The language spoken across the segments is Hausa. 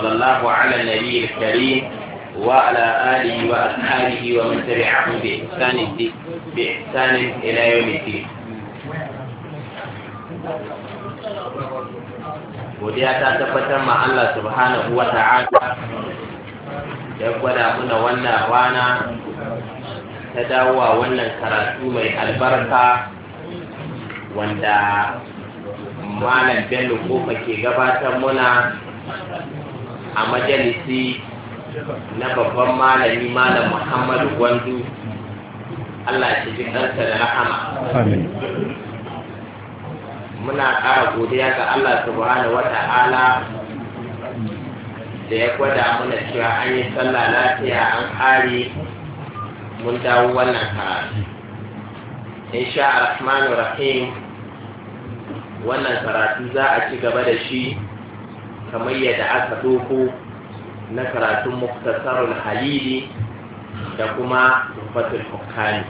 وصلى الله على النبي الكريم وعلى آله وأصحابه ومن تبعهم بإحسان بإحسان إلى يوم الدين godiya ta tabbatar ma Allah subhanahu wa ta'ala ya gwada muna wannan rana ta dawowa wannan karatu mai albarka wanda malam bello kofa ke gabatar muna a majalisi na babban malami malam muhammadu gwandu allah ya ji ɗansa da rahama muna ƙara godiya ga allah subhanahu wa ta'ala da ya gwada mana cewa an yi sallah lafiya an ƙare mun dawo wannan karatu insha rahmanu rahim wannan karatu za a ci gaba da shi kamar yadda aka doko na karatun muktasarul halili da kuma tuhfatul hukami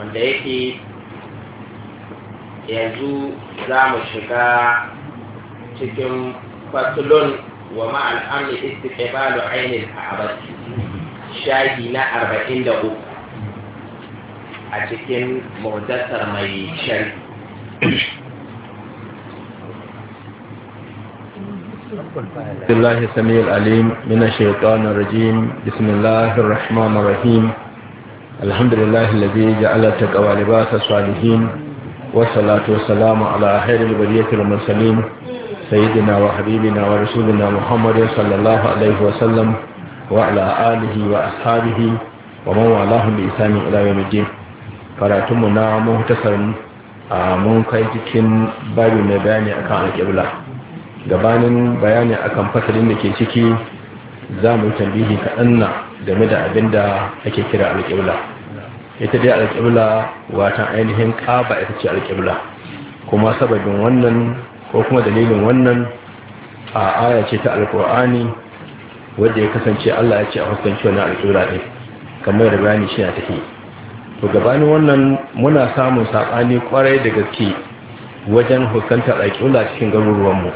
wanda yake yanzu za mu shiga cikin fasulun wa ma'al amri istiqbalu ainihin ka'abati shahi na arba'in da uku a cikin muhtasar mai shari بسم الله السميع العليم من الشيطان الرجيم بسم الله الرحمن الرحيم الحمد لله الذي جعل تقوى لباس الصالحين والصلاة والسلام على خير البرية المرسلين سيدنا وحبيبنا ورسولنا محمد صلى الله عليه وسلم وعلى آله وأصحابه ومن والاهم بإسلام إلى يوم الدين karatunmu na muhtasar mun kai cikin babu mai bayani akan alƙibla gabanin bayani akan fasalin da ke ciki za mu tambihi kaɗan na game da abin da ake kira alƙibla ita dai alƙibla watan ainihin ƙaba ita ce alƙibla kuma sababin wannan ko kuma dalilin wannan a aya ce ta alƙur'ani wadda ya kasance Allah ya ce a fuskanci wani alƙibla ɗin kamar da bayani shi na tafi to gabanin wannan muna samun saɓani ƙwarai da gaske wajen fuskantar alƙibla cikin garuruwanmu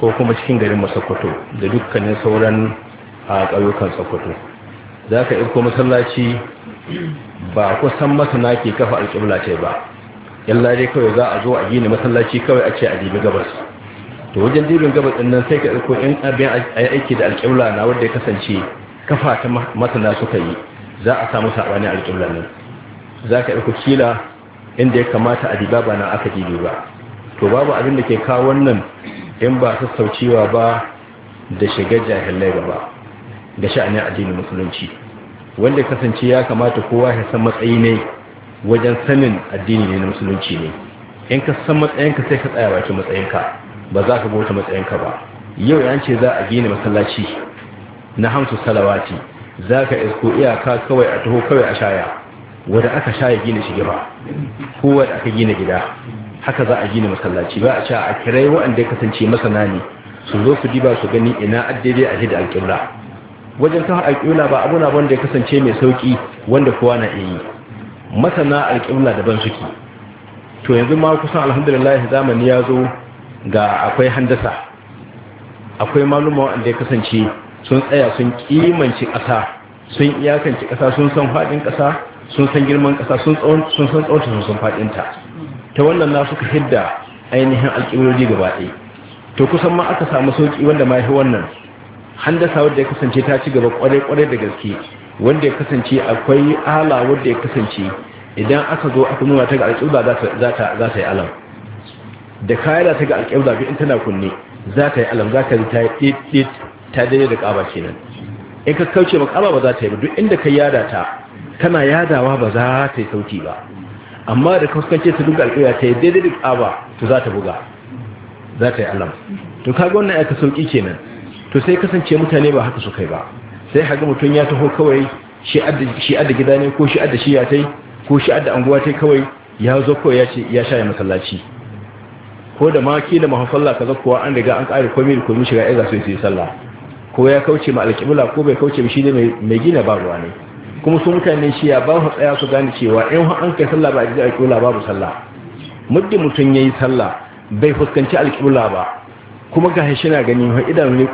ko kuma cikin garin sokoto da dukkanin sauran a ƙauyukan sokoto za ka irko masallaci ba kusan masana ke kafa alƙibla ce ba yalla dai kawai za a zo a gini masallaci kawai a ce a dibi gabas to wajen jibin gabas ɗin nan sai ka irko in abin a yi aiki da alƙibla na wadda ya kasance kafa ta masana suka yi za a samu saɓanin alƙibla nan za ka irko kila inda ya kamata a diba ba na aka dibi ba to babu abin da ke kawo wannan in ba sassaucewa ba da shiga jahilai da ga sha'anin addinin musulunci wanda kasance ya kamata kowa ya san matsayi ne wajen sanin addini ne na musulunci ne in ka san matsayin ka sai ka tsaya bakin matsayinka ba za ka bauta ka ba yau yan ce za a gina masallaci na hamsu salawati za ka isko iyaka kawai a taho kawai a shaya wanda aka sha ya gina shi gaba ko da aka gina gida haka za a gina masallaci ba a sha a kirai waɗanda ya kasance masana ne su zo su diba su gani ina addade a hidda alƙibla wajen kawo alƙibla ba abu na wanda ya kasance mai sauƙi wanda kowa na iya yi masana alƙibla daban suke to yanzu ma kusan alhamdulillah zamani ya zo ga akwai handasa akwai maluma wanda ya kasance sun tsaya sun kimanci ƙasa sun iyakanci ƙasa sun san faɗin ƙasa sun san girman ƙasa sun san tsawonta sun san faɗinta ta wannan na suka hidda ainihin alƙibiroji gaba ɗaya to kusan ma aka samu sauƙi wanda ma yi wannan handasa wadda ya kasance ta ci gaba ƙwarai-ƙwarai da gaske wanda ya kasance akwai ala wadda ya kasance idan aka zo aka nuna ta ga alƙibla za ta yi alam da kayan da ta ga alƙibla bi in tana kunne za ta yi alam za ta yi ta yi ta daidai da ƙaba kenan in ka kauce ma ƙaba ba za ta yi ba duk inda ka yada ta tana yadawa ba za ta yi sauti ba amma da kuskance su duka alƙiya ta yi daidai duk aba to za ta buga za ta yi alam to kaga wannan ya ka sauki kenan to sai kasance mutane ba haka su kai ba sai haga mutum ya taho kawai shi adda gida ne ko shi adda shi ya tai ko shi adda anguwa tai kawai ya zo kawai ya ce ya shaye masallaci ko da ma da mahafalla ka kuwa an riga an ƙari komai da komai shiga ya za su yi sallah ko ya kauce ma alƙibla ko bai kauce ba shi ne mai gina ba ruwa ne kuma su mutane shi ya ba su tsaya su gane cewa in an kai sallah ba a ji alƙibla babu sallah muddin mutum ya yi sallah bai fuskanci alƙibla ba kuma ga shi na gani wa idanu ne